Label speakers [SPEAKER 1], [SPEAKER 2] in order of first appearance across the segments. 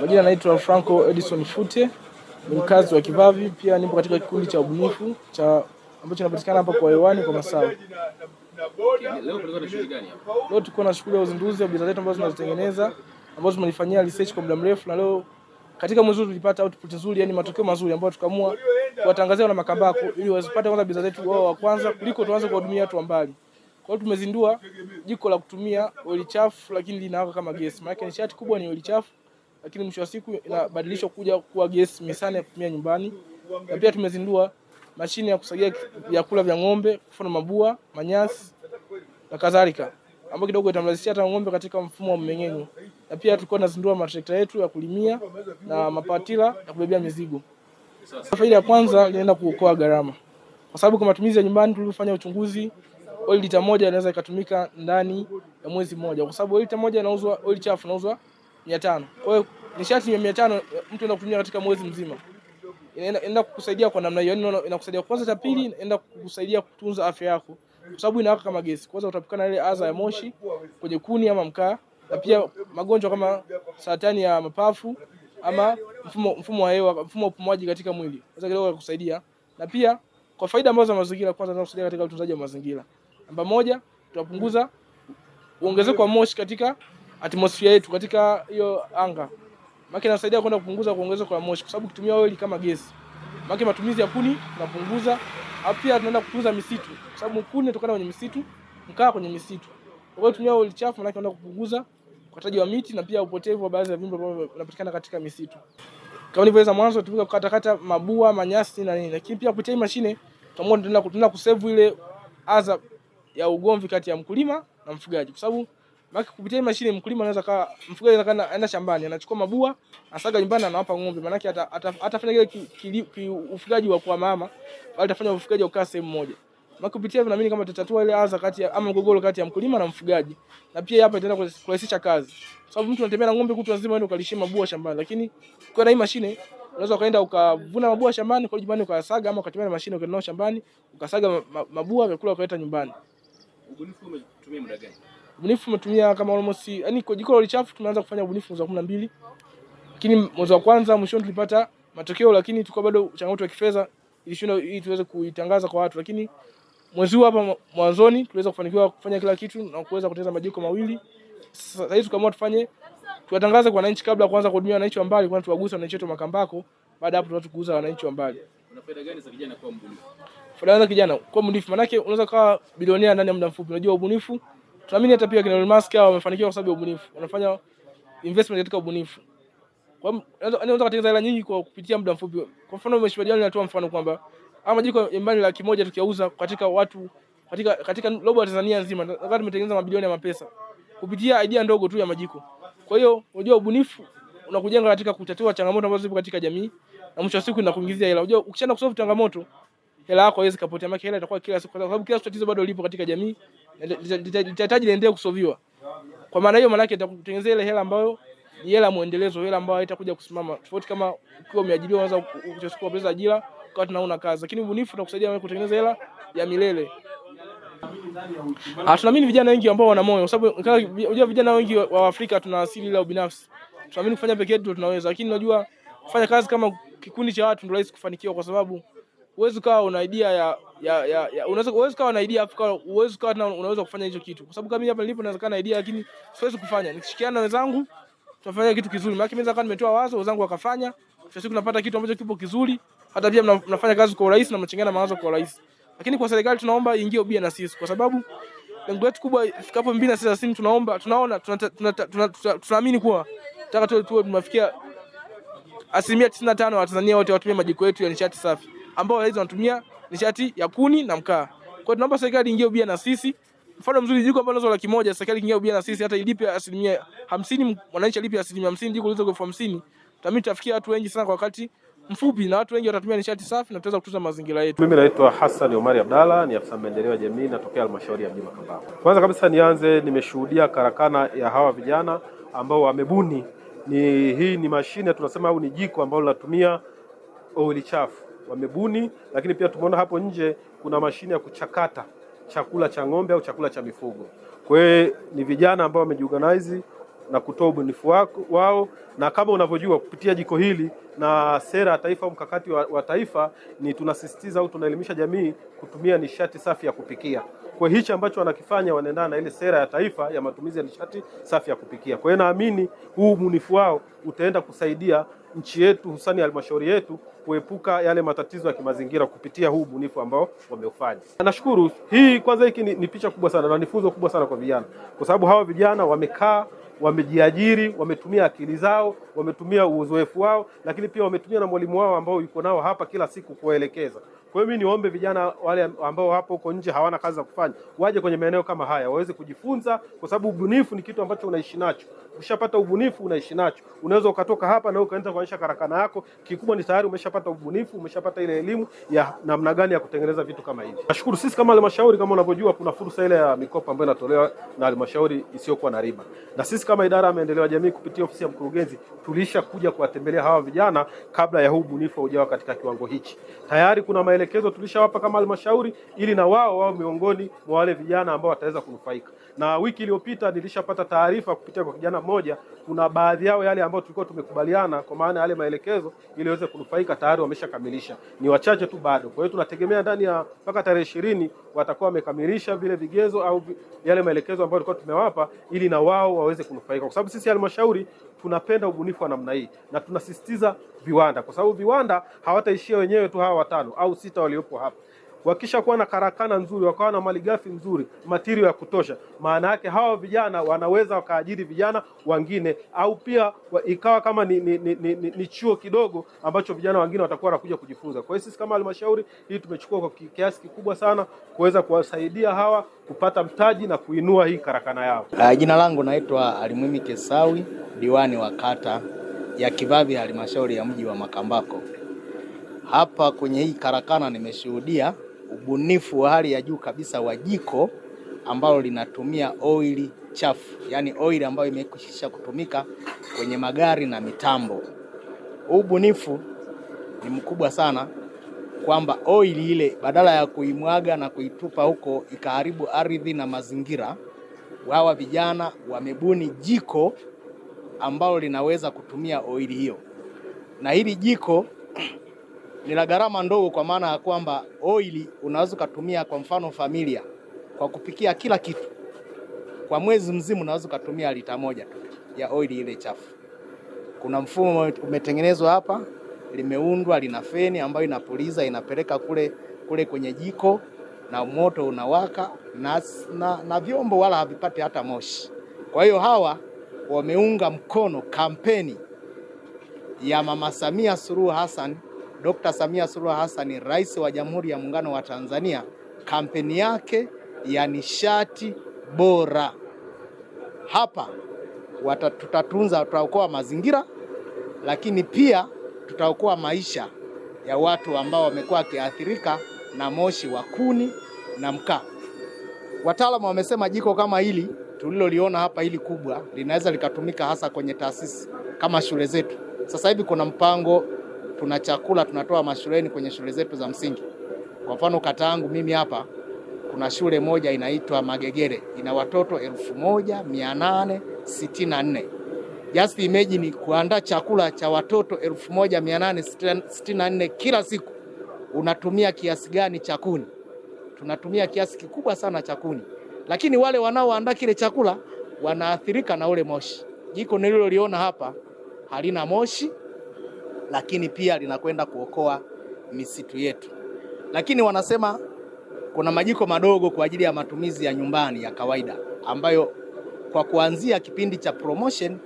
[SPEAKER 1] Majina naitwa Franco Edison Fute, ni mkazi wa Kivavi, pia nipo katika kikundi cha ubunifu cha ambacho kinapatikana hapa kwa hewani kwa masaa. Leo tulikuwa na shughuli ya uzinduzi wa bidhaa zetu ambazo tunazitengeneza ambazo tumelifanyia research kwa muda mrefu, na leo katika mwezi huu tulipata output nzuri, yani matokeo mazuri ambayo tukamua kuwatangazia na Makambako ili wazipate kwanza bidhaa zetu wao wa kwanza kuliko tuanze kuwahudumia watu wa mbali. Kwa hiyo tumezindua jiko la kutumia oil chafu, lakini linawaka kama gesi, maana nishati kubwa ni oil chafu lakini mwisho wa siku inabadilishwa kuja kuwa gesi misana ya kutumia nyumbani, na pia tumezindua mashine ya kusagia vyakula vya ng'ombe, kwa mfano mabua, manyasi na kadhalika, ambayo kidogo itamrahisishia hata ng'ombe katika mfumo wa mmeng'enyo, na pia tulikuwa tunazindua matrekta yetu ya kulimia na mapatila ya kubebea mizigo. Faida ya kwanza inaenda kuokoa gharama, kwa sababu kwa matumizi ya nyumbani tulivyofanya uchunguzi, oil lita moja inaweza ikatumika ndani ya mwezi mmoja, kwa sababu oil lita moja inauzwa, oil chafu inauzwa mia tano. Kwa hiyo nishati mia tano eh, mtu anaenda kutumia katika mwezi mzima, inaenda kukusaidia kwa namna hiyo, yaani inakusaidia kwanza. Cha pili, inaenda kukusaidia kutunza afya yako, kwa sababu inawaka kama gesi. Kwanza utapikana ile adha ya moshi kwenye kuni ama mkaa, na pia magonjwa kama saratani ya mapafu ama mfumo mfumo wa hewa, mfumo wa upumuaji katika mwili, kwanza kidogo kusaidia, na pia kwa faida ambazo za mazingira, kwanza kusaidia katika utunzaji wa mazingira. Namba moja, tutapunguza uongezeko wa moshi katika atmosphere yetu, katika hiyo anga. Maana inasaidia kwenda kupunguza kuongezeka kwa moshi kwa sababu ukitumia oil kama gesi. Maana matumizi ya kuni napunguza. tunapunguza, pia tunaenda kutunza misitu kwa sababu kuni inatokana kwenye misitu, mkaa kwenye misitu. Kwa hiyo tumia oil chafu maana tunaenda kupunguza ukataji wa miti na pia upotevu wa baadhi ya viumbe ambavyo vinapatikana katika misitu. Kama nilivyoeleza mwanzo tumika kata mabua, manyasi na nini. Lakini pia kupitia hii mashine tunaenda kutunza kusevu ile adha ya ugomvi kati ya mkulima na mfugaji kwa sababu maana kupitia hii mashine mkulima anaweza kaa mfugaji anakaa anaenda shambani anachukua mabua asaga nyumbani anawapa ng'ombe, maana hata atafanya kile ufugaji wa kwa mama bali atafanya ufugaji ukaa sehemu moja. Maana kupitia hivyo naamini kama tutatatua ile adha kati ya ama mgogoro kati ya mkulima na mfugaji, na pia hapa itaenda kurahisisha kazi, kwa sababu mtu anatembea na ng'ombe kutwa nzima aende ukalishie mabua shambani, lakini kwa na hii mashine unaweza ukaenda ukavuna mabua shambani kwa nyumbani ukasaga, ama ukatumia na mashine ukaenda shambani ukasaga mabua vyakula ukaleta nyumbani. Ubunifu umetumia muda gani? Ubunifu umetumia kama almost yani kwa jiko la chafu tumeanza kufanya ubunifu mwezi wa 12. Lakini mwezi wa kwanza mwishoni tulipata matokeo, lakini tulikuwa bado changamoto ya kifedha ilishinda ili tuweze kuitangaza kwa watu, lakini mwezi huu hapa mwanzoni tuliweza kufanikiwa kufanya kila kitu na kuweza kutengeneza majiko mawili. Sasa hivi tukaamua tufanye tuwatangaze kwa wananchi kabla ya kuanza kuhudumia wananchi wa mbali, kwani tuwaguse wananchi wetu Makambako. Baada hapo tunataka kuuza wananchi wa mbali. Una faida gani za kijana kwa mbunifu? Faida za kijana kwa mbunifu, maana unaweza kuwa bilionea ndani ya muda mfupi. Unajua ubunifu Tunaamini hata pia kina Elon Musk hao wamefanikiwa kwa sababu ya ubunifu. Wanafanya investment katika ubunifu. Kwa hiyo unaweza kutengeneza hela nyingi kwa kupitia muda mfupi. Kwa mfano Mheshimiwa Diwani anatoa mfano kwamba ama jiko nyumbani laki moja tukiauza katika watu katika katika robo Tanzania nzima wakati tumetengeneza mabilioni ya mapesa kupitia idea ndogo tu ya majiko. Kwa hiyo unajua ubunifu unakujenga katika kutatua changamoto ambazo zipo katika jamii na mwisho wa siku inakuingizia hela. Unajua ukishaenda kusolve changamoto hela yako haiwezi kapotea, maana hela itakuwa kila siku, kwa sababu kila tatizo bado lipo katika jamii litahitaji liendelee kusoviwa. Kwa maana hiyo, maana yake itakutengenezea ile hela ambayo ni hela muendelezo, hela ambayo haitakuja kusimama, tofauti kama ukiwa umeajiriwa, unaweza kuchukua pesa ajira kwa una kazi, lakini ubunifu utakusaidia wewe kutengeneza hela ya milele. Ah, tunaamini vijana wengi ambao wana moyo, sababu unajua vijana wengi wa Afrika tuna asili ya ubinafsi. Tunaamini kufanya peke yetu tunaweza, lakini unajua kufanya kazi kama kikundi cha watu ndio rahisi kufanikiwa kwa sababu huwezi ukawa una idea ya ya ya, ya unaweza idea na unaweza kufanya hicho kitu, kwa sababu kama hapa nilipo naweza kana idea, lakini siwezi kufanya. Nikishikiana na wenzangu kitu kizuri, maana mimi nimetoa wazo, wenzangu wakafanya, siku napata kitu ambacho kipo kizuri, hata pia mnafanya kazi kwa urahisi na mawazo kwa urahisi. Lakini kwa serikali tunaomba ingie ubia na sisi, kwa sababu lengo letu kubwa ifikapo 2030 tunaomba tunaona tunaamini kuwa tunataka tuwe tumefikia asilimia 95 wa Tanzania wote watumie majiko yetu ya nishati safi ambao hizo wanatumia nishati ya kuni na mkaa. Kwa hiyo tunaomba serikali ingie ubia na sisi. Mfano mzuri jiko ambalo nazo laki serikali ingie ubia na sisi hata ilipe asilimia hamsini, mwananchi alipe asilimia hamsini, jiko lizo elfu hamsini. Tutamii tafikia watu wengi sana kwa wakati mfupi na watu wengi watatumia nishati safi na tutaweza kutunza mazingira yetu. Mimi naitwa Hassan Omari Abdalla, ni afisa maendeleo ya jamii natokea halmashauri ya mji Makambako. Kwanza kabisa nianze, nimeshuhudia karakana ya hawa vijana ambao wamebuni ni hii ni mashine tunasema au ni jiko ambalo linatumia oili chafu wamebuni, lakini pia tumeona hapo nje kuna mashine ya kuchakata chakula cha ng'ombe au chakula cha mifugo. Kwa hiyo ni vijana ambao wamejiorganize na kutoa ubunifu wao, na kama unavyojua kupitia jiko hili na sera ya taifa au mkakati wa, wa taifa ni tunasisitiza au tunaelimisha jamii kutumia nishati safi ya kupikia. Kwa hichi ambacho wanakifanya wanaendana na ile sera ya taifa ya matumizi ya nishati safi ya kupikia. Kwa hiyo naamini huu ubunifu wao utaenda kusaidia nchi yetu husani halmashauri yetu kuepuka yale matatizo ya kimazingira kupitia huu ubunifu ambao wameufanya. Nashukuru hii kwanza, hiki ni, ni picha kubwa sana na ni funzo kubwa sana kwa vijana, kwa sababu hawa vijana wamekaa wamejiajiri wametumia akili zao, wametumia uzoefu wao, lakini pia wametumia na mwalimu wao ambao yuko nao hapa kila siku kuwaelekeza. Kwa hiyo mimi niwaombe vijana wale ambao wapo huko nje hawana kazi za kufanya, waje kwenye maeneo kama haya waweze kujifunza, kwa sababu ubunifu ni kitu ambacho unaishi nacho. Ukishapata ubunifu unaishi nacho, unaweza ukatoka hapa na ukaenda kuanzisha karakana yako. Kikubwa ni tayari umeshapata ubunifu, umeshapata ile elimu ya namna gani ya kutengeneza vitu kama hivi. Nashukuru. Sisi kama halmashauri, kama unavyojua, kuna fursa ile ya mikopo ambayo inatolewa na halmashauri isiyokuwa na riba, na sisi kama idara ya maendeleo ya jamii kupitia ofisi ya mkurugenzi kuja kuwatembelea hawa vijana kabla ya huu ubunifu haujawa katika kiwango hichi. Tayari kuna maelekezo tulishawapa kama halmashauri, ili na wao wao miongoni mwa wale vijana ambao wataweza kunufaika. Na wiki iliyopita nilishapata taarifa kupitia kwa kijana mmoja, kuna baadhi yao yale ambao tulikuwa tumekubaliana kwa maana yale maelekezo ili waweze kunufaika tayari wameshakamilisha, ni wachache tu bado. Kwa hiyo tunategemea ndani ya mpaka tarehe ishirini watakuwa wamekamilisha vile vigezo au yale maelekezo ambayo tulikuwa tumewapa, ili na wao waweze kunufaika, kwa sababu sisi halmashauri tunapenda ubunifu wa namna hii na tunasisitiza viwanda, kwa sababu viwanda hawataishia wenyewe tu hawa watano au sita waliopo hapa wakisha kuwa na karakana nzuri, wakawa na malighafi nzuri, matirio ya kutosha, maana yake hawa vijana wanaweza wakaajiri vijana wengine, au pia ikawa kama ni, ni, ni, ni, ni chuo kidogo ambacho vijana wengine watakuwa wanakuja kujifunza. Kwa hiyo sisi kama halmashauri hii tumechukua kwa kiasi kikubwa sana kuweza kuwasaidia hawa kupata mtaji na kuinua hii karakana yao. Uh, jina langu naitwa Alimwimi Kesawi, diwani wa kata ya Kivavi, halmashauri ya mji wa Makambako. Hapa kwenye hii karakana nimeshuhudia ubunifu wa hali ya juu kabisa wa jiko ambalo linatumia oili chafu, yaani oili ambayo imekwisha kutumika kwenye magari na mitambo. Huu ubunifu ni mkubwa sana kwamba oili ile badala ya kuimwaga na kuitupa huko ikaharibu ardhi na mazingira, wawa vijana wamebuni jiko ambalo linaweza kutumia oili hiyo, na hili jiko ni la gharama ndogo, kwa maana ya kwamba oili unaweza ukatumia, kwa mfano familia, kwa kupikia kila kitu, kwa mwezi mzima unaweza ukatumia lita moja tu ya oili ile chafu. Kuna mfumo umetengenezwa hapa, limeundwa, lina feni ambayo inapuliza inapeleka kule kule kwenye jiko na moto unawaka na, na, na vyombo wala havipati hata moshi. Kwa hiyo hawa wameunga mkono kampeni ya Mama Samia Suluhu Hassan Dkt. Samia Suluhu Hassan, Rais wa Jamhuri ya Muungano wa Tanzania, kampeni yake ya nishati bora. Hapa tutatunza, tutaokoa mazingira, lakini pia tutaokoa maisha ya watu ambao wamekuwa wakiathirika na moshi wa kuni na mkaa. Wataalamu wamesema jiko kama hili tuliloliona hapa hili kubwa linaweza likatumika hasa kwenye taasisi kama shule zetu. Sasa hivi kuna mpango tuna chakula tunatoa mashuleni kwenye shule zetu za msingi. Kwa mfano kata yangu mimi hapa kuna shule moja inaitwa Magegere ina watoto elfu moja mia nane sitini na nne. Just imagine kuandaa chakula cha watoto elfu moja mia nane sitini na nne kila siku, unatumia kiasi gani cha kuni? Tunatumia kiasi kikubwa sana cha kuni, lakini wale wanaoandaa kile chakula wanaathirika na ule moshi. Jiko nililoliona hapa halina moshi lakini pia linakwenda kuokoa misitu yetu. Lakini wanasema kuna majiko madogo kwa ajili ya matumizi ya nyumbani ya kawaida ambayo kwa kuanzia kipindi cha promotion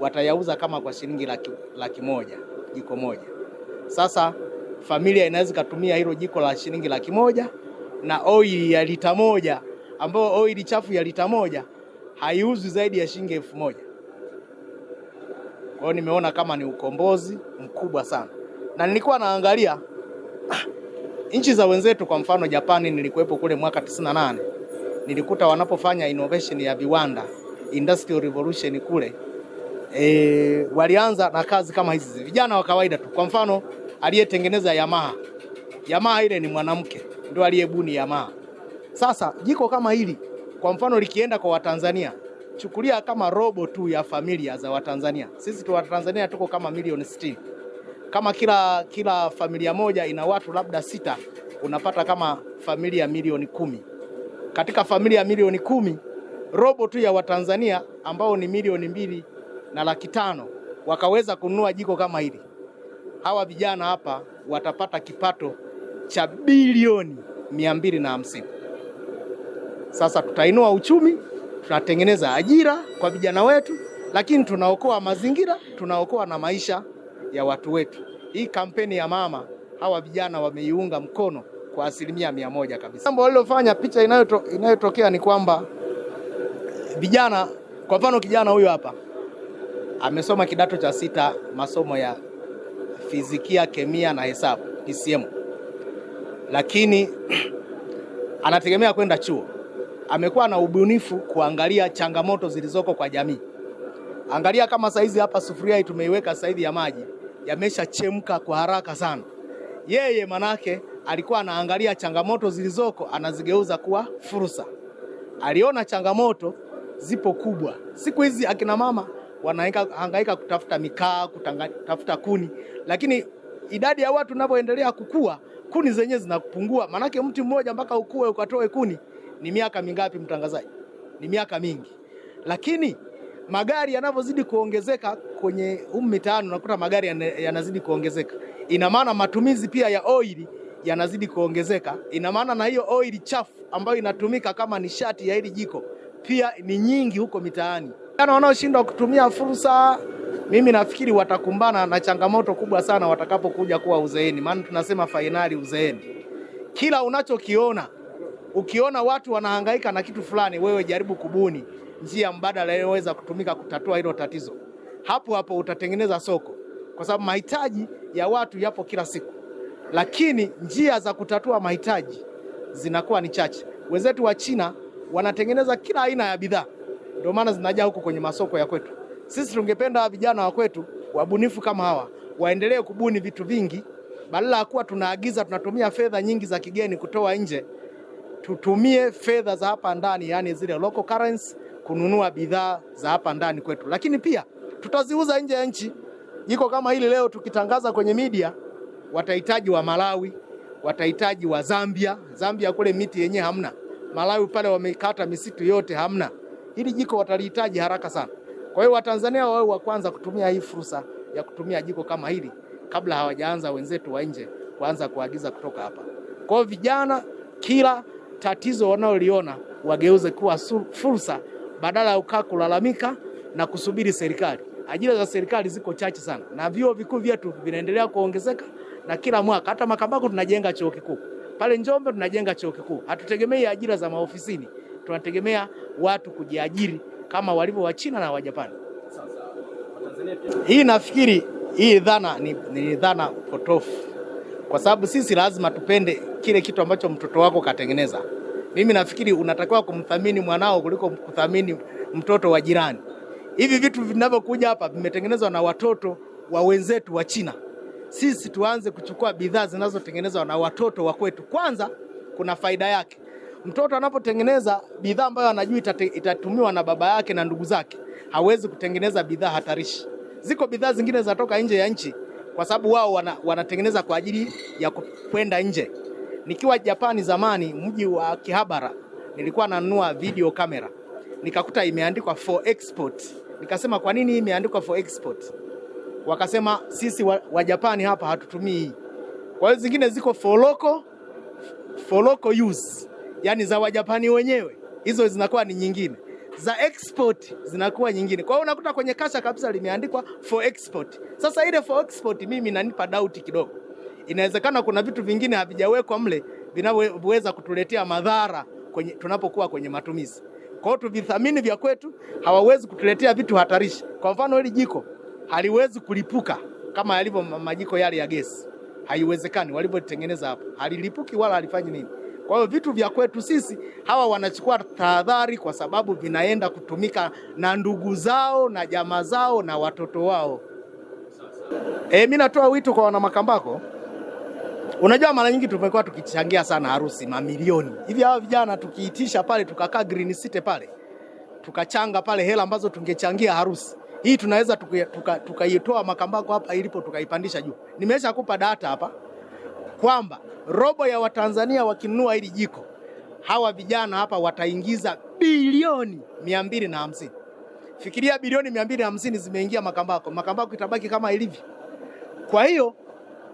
[SPEAKER 1] watayauza kama kwa shilingi laki, laki moja jiko moja. Sasa familia inaweza ikatumia hilo jiko la shilingi laki moja na oili ya lita moja ambayo oili chafu ya lita moja haiuzwi zaidi ya shilingi elfu moja. Kwa hiyo nimeona kama ni ukombozi mkubwa sana, na nilikuwa naangalia ah, nchi za wenzetu, kwa mfano Japani, nilikuwepo kule mwaka 98 nilikuta wanapofanya innovation ya viwanda industrial revolution kule e, walianza na kazi kama hizi, vijana wa kawaida tu. Kwa mfano aliyetengeneza Yamaha, Yamaha ile ni mwanamke, ndio aliyebuni Yamaha. Sasa jiko kama hili kwa mfano likienda kwa Watanzania chukulia kama robo tu ya familia za Watanzania. Sisi tu Watanzania tuko kama milioni sitini. Kama kila kila familia moja ina watu labda sita, unapata kama familia milioni kumi. Katika familia milioni kumi, robo tu ya Watanzania ambao ni milioni mbili na laki tano wakaweza kununua jiko kama hili, hawa vijana hapa watapata kipato cha bilioni mia mbili na hamsini. Sasa tutainua uchumi tunatengeneza ajira kwa vijana wetu, lakini tunaokoa mazingira, tunaokoa na maisha ya watu wetu. Hii kampeni ya mama hawa vijana wameiunga mkono kwa asilimia mia moja kabisa. Jambo walilofanya picha inayoto, inayotokea ni kwamba vijana, kwa mfano kijana huyu hapa amesoma kidato cha sita masomo ya fizikia, kemia na hesabu PCM, lakini anategemea kwenda chuo amekuwa na ubunifu kuangalia changamoto zilizoko kwa jamii. Angalia kama saizi hapa sufuria hii tumeiweka saizi ya maji yameshachemka kwa haraka sana. Yeye manake alikuwa anaangalia changamoto zilizoko anazigeuza kuwa fursa. Aliona changamoto zipo kubwa. Siku hizi akina mama wanahangaika kutafuta mikaa, kutafuta kuni, lakini idadi ya watu inavyoendelea kukua, kuni zenyewe zinapungua, manake mti mmoja mpaka ukue ukatoe kuni ni miaka mingapi mtangazaji? Ni miaka mingi, lakini magari yanavyozidi kuongezeka kwenye umu mitaani unakuta magari yanazidi kuongezeka, ina maana matumizi pia ya oili yanazidi kuongezeka, ina maana na hiyo oili chafu ambayo inatumika kama nishati ya hili jiko pia ni nyingi huko mitaani. Vijana wanaoshindwa kutumia fursa, mimi nafikiri watakumbana na changamoto kubwa sana watakapokuja kuwa uzeeni, maana tunasema fainali uzeeni, kila unachokiona Ukiona watu wanahangaika na kitu fulani, wewe jaribu kubuni njia mbadala inayoweza kutumika kutatua hilo tatizo. Hapo hapo utatengeneza soko, kwa sababu mahitaji ya watu yapo kila siku, lakini njia za kutatua mahitaji zinakuwa ni chache. Wenzetu wa China wanatengeneza kila aina ya bidhaa, ndio maana zinajaa huko kwenye masoko ya kwetu. Sisi tungependa vijana wa kwetu wabunifu kama hawa waendelee kubuni vitu vingi, badala ya kuwa tunaagiza, tunatumia fedha nyingi za kigeni kutoa nje tutumie fedha za hapa ndani, yani zile local currency kununua bidhaa za hapa ndani kwetu, lakini pia tutaziuza nje ya nchi. Iko kama hili leo tukitangaza kwenye media, watahitaji wa Malawi, watahitaji wa Zambia. Zambia kule miti yenyewe hamna, Malawi pale wamekata misitu yote hamna. Hili jiko watalihitaji haraka sana. Kwa hiyo Watanzania wawe wa kwanza kutumia hii fursa ya kutumia jiko kama hili kabla hawajaanza wenzetu wa nje kuanza kuagiza kutoka hapa. Kwa hiyo vijana, kila tatizo wanaoliona wageuze kuwa fursa badala ya kukaa kulalamika na kusubiri serikali. Ajira za serikali ziko chache sana, na vyuo vikuu vyetu vinaendelea kuongezeka na kila mwaka. Hata Makambako tunajenga chuo kikuu pale Njombe, tunajenga chuo kikuu. Hatutegemei ajira za maofisini, tunategemea watu kujiajiri kama walivyo Wachina na Wajapani. Hii nafikiri hii dhana ni, ni dhana potofu kwa sababu sisi lazima tupende kile kitu ambacho mtoto wako katengeneza. Mimi nafikiri unatakiwa kumthamini mwanao kuliko kuthamini mtoto wa jirani. Hivi vitu vinavyokuja hapa vimetengenezwa na watoto wa wenzetu wa China. Sisi tuanze kuchukua bidhaa zinazotengenezwa na watoto wa kwetu. Kwanza kuna faida yake. Mtoto anapotengeneza bidhaa ambayo anajua itatumiwa na baba yake na ndugu zake, hawezi kutengeneza bidhaa hatarishi. Ziko bidhaa zingine zinatoka nje ya nchi kwa sababu wao wana, wanatengeneza kwa ajili ya kwenda nje. Nikiwa Japani zamani, mji wa kihabara nilikuwa nanunua video kamera nikakuta imeandikwa for export. Nikasema kwa nini imeandikwa for export? Wakasema sisi wa, wa Japani hapa hatutumii hii. Kwa hiyo zingine ziko for local, for local use, yani za Wajapani wenyewe, hizo zinakuwa ni nyingine za export zinakuwa nyingine. Kwa hiyo unakuta kwenye kasha kabisa limeandikwa for export. Sasa ile for export mimi inanipa doubt kidogo, inawezekana kuna vitu vingine havijawekwa mle vinavyoweza kutuletea madhara kwenye tunapokuwa kwenye matumizi. Kwa hiyo tuvithamini vya kwetu, hawawezi kutuletea vitu hatarishi. Kwa mfano hili jiko haliwezi kulipuka kama yalivyo majiko yale ya gesi, haiwezekani walivyotengeneza hapo, halilipuki wala halifanyi nini. Kwa hiyo vitu vya kwetu sisi hawa wanachukua tahadhari, kwa sababu vinaenda kutumika na ndugu zao na jamaa zao na watoto wao. E, mimi natoa wito kwa wanamakambako. Unajua, mara nyingi tumekuwa tukichangia sana harusi mamilioni hivi. Hawa vijana tukiitisha pale, tukakaa green city pale, tukachanga pale hela ambazo tungechangia harusi hii, tunaweza tukaitoa tuka, tuka Makambako hapa ilipo tukaipandisha juu. Nimeshakupa data hapa kwamba robo ya Watanzania wakinunua hili jiko hawa vijana hapa wataingiza bilioni mia mbili na hamsini. Fikiria bilioni mia mbili na hamsini zimeingia Makambako, Makambako itabaki kama ilivyo. Kwa hiyo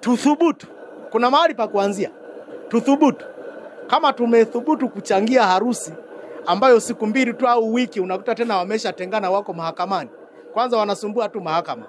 [SPEAKER 1] tuthubutu, kuna mahali pa kuanzia, tuthubutu. Kama tumethubutu kuchangia harusi ambayo siku mbili tu au wiki, unakuta tena wameshatengana, wako mahakamani. Kwanza wanasumbua tu mahakama.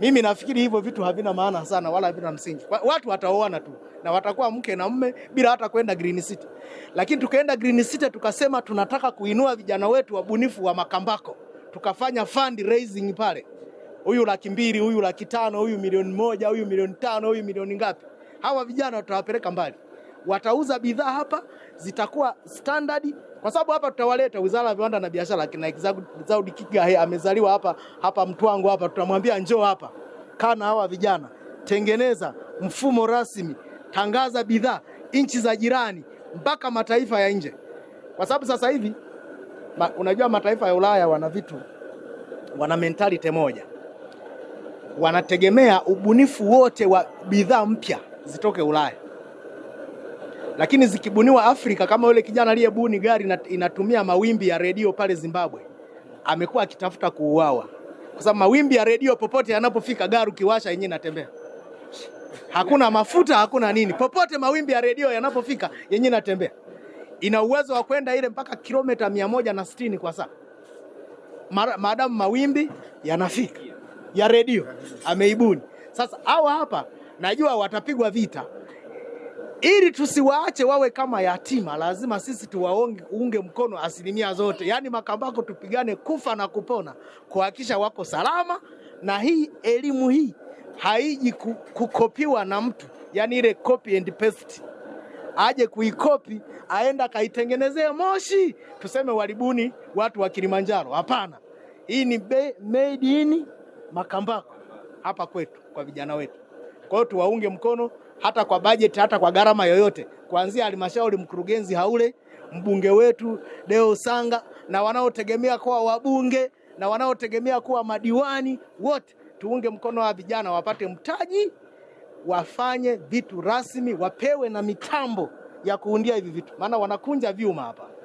[SPEAKER 1] Mimi nafikiri hivyo vitu havina maana sana wala havina msingi. Watu wataoana tu na watakuwa mke na mume bila hata kwenda Green City. Lakini tukaenda Green City tukasema tunataka kuinua vijana wetu wabunifu wa Makambako, tukafanya fundraising pale, huyu laki mbili, huyu laki tano, huyu milioni moja, huyu milioni tano, huyu milioni ngapi. Hawa vijana tutawapeleka mbali, watauza bidhaa hapa zitakuwa standard kwa sababu hapa tutawaleta Wizara ya Viwanda na Biashara, lakini Exaud Kigahe amezaliwa hapa hapa Mtwango hapa, tutamwambia njoo hapa, kaa na hawa vijana, tengeneza mfumo rasmi, tangaza bidhaa nchi za jirani mpaka mataifa ya nje, kwa sababu sasa hivi ma, unajua mataifa ya Ulaya wana vitu, wana mentality moja, wanategemea ubunifu wote wa bidhaa mpya zitoke Ulaya lakini zikibuniwa Afrika kama yule kijana aliyebuni gari inatumia mawimbi ya redio pale Zimbabwe, amekuwa akitafuta kuuawa kwa sababu mawimbi ya redio popote yanapofika, gari ukiwasha yenyewe inatembea, hakuna mafuta, hakuna nini. Popote mawimbi ya redio yanapofika, yenyewe inatembea, ina uwezo wa kwenda ile mpaka kilomita mia moja na sitini kwa saa, maadamu mawimbi yanafika ya redio. Ameibuni sasa. Hawa hapa najua watapigwa vita ili tusiwaache wawe kama yatima, lazima sisi tuwaunge mkono asilimia zote, yaani Makambako tupigane kufa na kupona kuhakikisha wako salama, na hii elimu hii haiji kukopiwa na mtu, yaani ile copy and paste aje kuikopi aenda kaitengenezee Moshi tuseme waribuni watu wa Kilimanjaro. Hapana, hii ni made in Makambako hapa kwetu kwa vijana wetu. Kwa hiyo tuwaunge mkono hata kwa bajeti, hata kwa gharama yoyote, kuanzia halmashauri, mkurugenzi Haule, mbunge wetu Deo Sanga na wanaotegemea kuwa wabunge na wanaotegemea kuwa madiwani, wote tuunge mkono wa vijana wapate mtaji, wafanye vitu rasmi, wapewe na mitambo ya kuundia hivi vitu, maana wanakunja vyuma hapa.